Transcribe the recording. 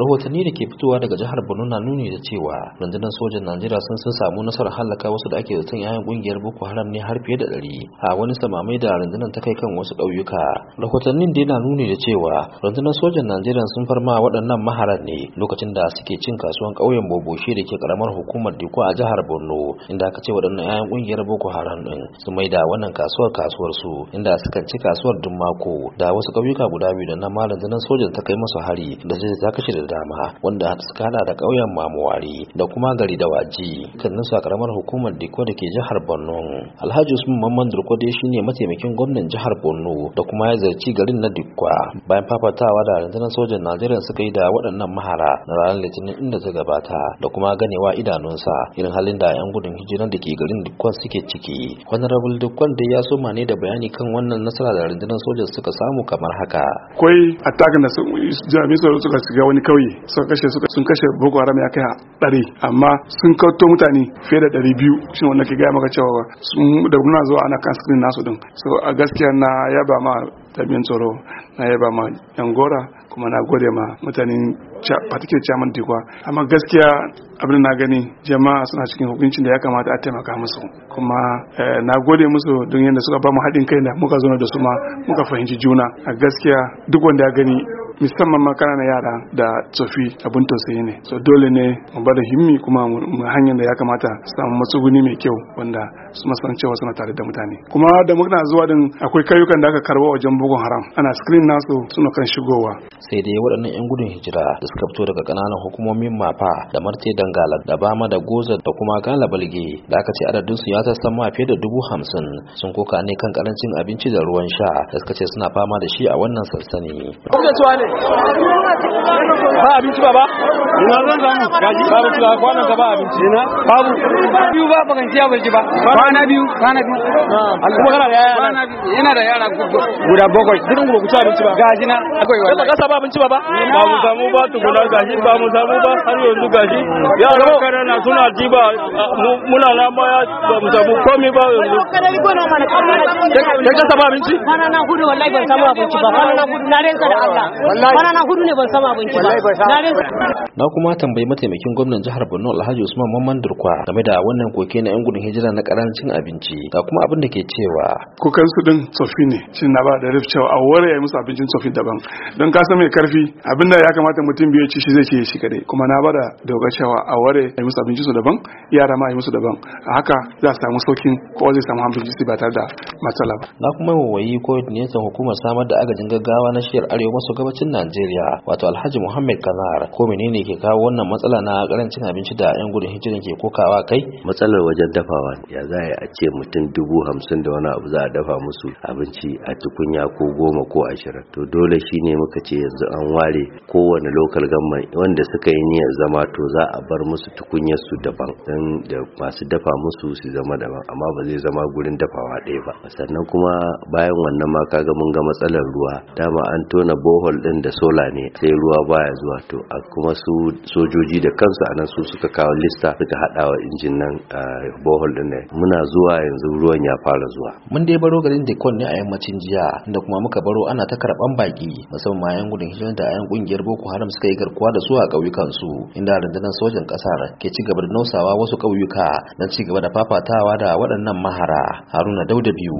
rahotanni da ke fitowa daga jihar borno na nuni da cewa rundunar sojan najeriya sun sun samu nasarar halaka wasu da ake zaton yayan kungiyar boko haram ne har fiye da ɗari a wani samamai da rundunar ta kai kan wasu ƙauyuka rahotannin dai na nuni da cewa rundunar sojan najeriya sun farma waɗannan maharan ne lokacin da suke cin kasuwan ƙauyen boboshe da ke karamar hukumar diko a jihar borno inda aka ce waɗannan yayan kungiyar boko haram din su mai da wannan kasuwar kasuwar su inda sukan ci kasuwar dun mako da wasu ƙauyuka guda biyu da na ma rundunar sojan ta kai masu hari da zai zaka shi da dama wanda suka hada da ƙauyen mamuwari da kuma gari da waji kan su a karamar hukumar diko da ke jihar borno alhaji usman mamman durko dai shine mataimakin gwamnan jihar borno da kuma ya zarci garin na dikwa bayan fafatawa da rundunar sojan najeriya suka yi da waɗannan mahara na ranar litinin inda ta gabata da kuma ganewa idanunsa irin halin da 'yan gudun hijiran da ke garin dikwan suke ciki honorable dikwan dai ya soma ne da bayani kan wannan nasara da rundunar sojan suka samu kamar haka akwai attack jami'an tsaro suka shiga wani ƙauye sun kashe sun kashe boko haram ya kai ɗari amma sun kauto mutane fiye da ɗari biyu shi wanda ke gaya maka cewa da muna zuwa ana kan screen nasu din so a gaskiya na yaba ma jami'an tsaro na yaba ma yan gora kuma na gode ma mutanen particular chairman dikwa amma gaskiya abin na gani jama'a suna cikin hukuncin da ya kamata a taimaka musu kuma eh, na gode musu don yadda suka ba mu haɗin kai da muka zo da su ma muka fahimci juna a gaskiya duk wanda ya gani musamman ma ƙananan yara da tsofi abin tausayi ne so dole ne mu bada himmi kuma mu hanyar da ya kamata su samu matsuguni mai kyau wanda su masan cewa suna tare da mutane kuma da muna zuwa din akwai kayukan da aka karba wajen bugun haram ana screen nasu suna kan shigowa sai dai waɗannan 'yan gudun hijira da suka fito daga ƙananan hukumomin mafa da marte dangala da bama da goza da kuma gala balge da aka ce adadin su ya ma fiye da dubu hamsin sun koka ne kan karancin abinci da ruwan sha da suka ce suna fama da shi a wannan sansani. ne ¡Adiós! ba abinci ba ba ina zan samu gaji ba ba kula kwanan ka ba abinci ina babu biyu ba ba kanci abinci ba kwana biyu kwana biyu Allah kuma kana da yara yana da yara guda bakwai dukkan ku ci abinci ba gaji na akwai wani kasa ba abinci ba ba ba mu samu ba guda gaji ba mu samu ba har yanzu gaji mm. yara karana suna ji ba ah, muna nan ba ba mu samu komai ba yanzu kai kasa ba abinci kwana na hudu wallahi ban samu abinci ba kwana na hudu na rinka da Allah kwana na hudu ne ban sama abin ki ba na kuma tambayi mataimakin gwamnan jihar Borno Alhaji Usman Mamman Durkwa game da wannan koke na yan gudun hijira na karancin abinci ga kuma abin da ke cewa kukan su din tsofi ne shin na ba da rif a wore ya musu abincin tsofi daban don ka san mai karfi abin da ya kamata mutum biyu ci shi zai ci shi kadai kuma na ba da doga cewa a wore ya musu abincin su daban yara ma ya musu daban a haka za su samu saukin ko zai samu su ba tare da matsala ba na kuma wayi coordinator hukumar samar da agajin gaggawa na shiyar arewa maso gabacin Najeriya wato Alhaji Muhammad Kanar ko menene ke kawo wannan matsala na karancin abinci da yan gudun hijirin ke kokawa kai matsalar wajen dafawa ya za a ce mutum dubu hamsin da wani abu za a dafa musu abinci a tukunya ko goma ko ashirin to dole shi ne muka ce yanzu an ware kowane lokal gama wanda suka yi niyyar zama to za a bar musu tukunyar su daban don da masu dafa musu su zama daban amma ba zai zama gurin dafawa ɗaya ba sannan kuma bayan wannan ma kaga mun ga matsalar ruwa dama an tona bohol din da sola ne sai ruwa baya zuwa to a kuma su sojoji da kansu anan su suka kawo lista suka hada wa injin nan bohol din ne muna zuwa yanzu ruwan ya fara zuwa mun dai baro garin Dekon ne a yammacin jiya inda kuma muka baro ana ta karban baki musamman yan gudun hijira da yan kungiyar Boko Haram suka yi garkuwa da su a ƙauyukan su inda rundunar sojan ƙasar ke ci gaba da nausawa wasu ƙauyuka don ci gaba da fafatawa da waɗannan mahara Haruna Dauda biyu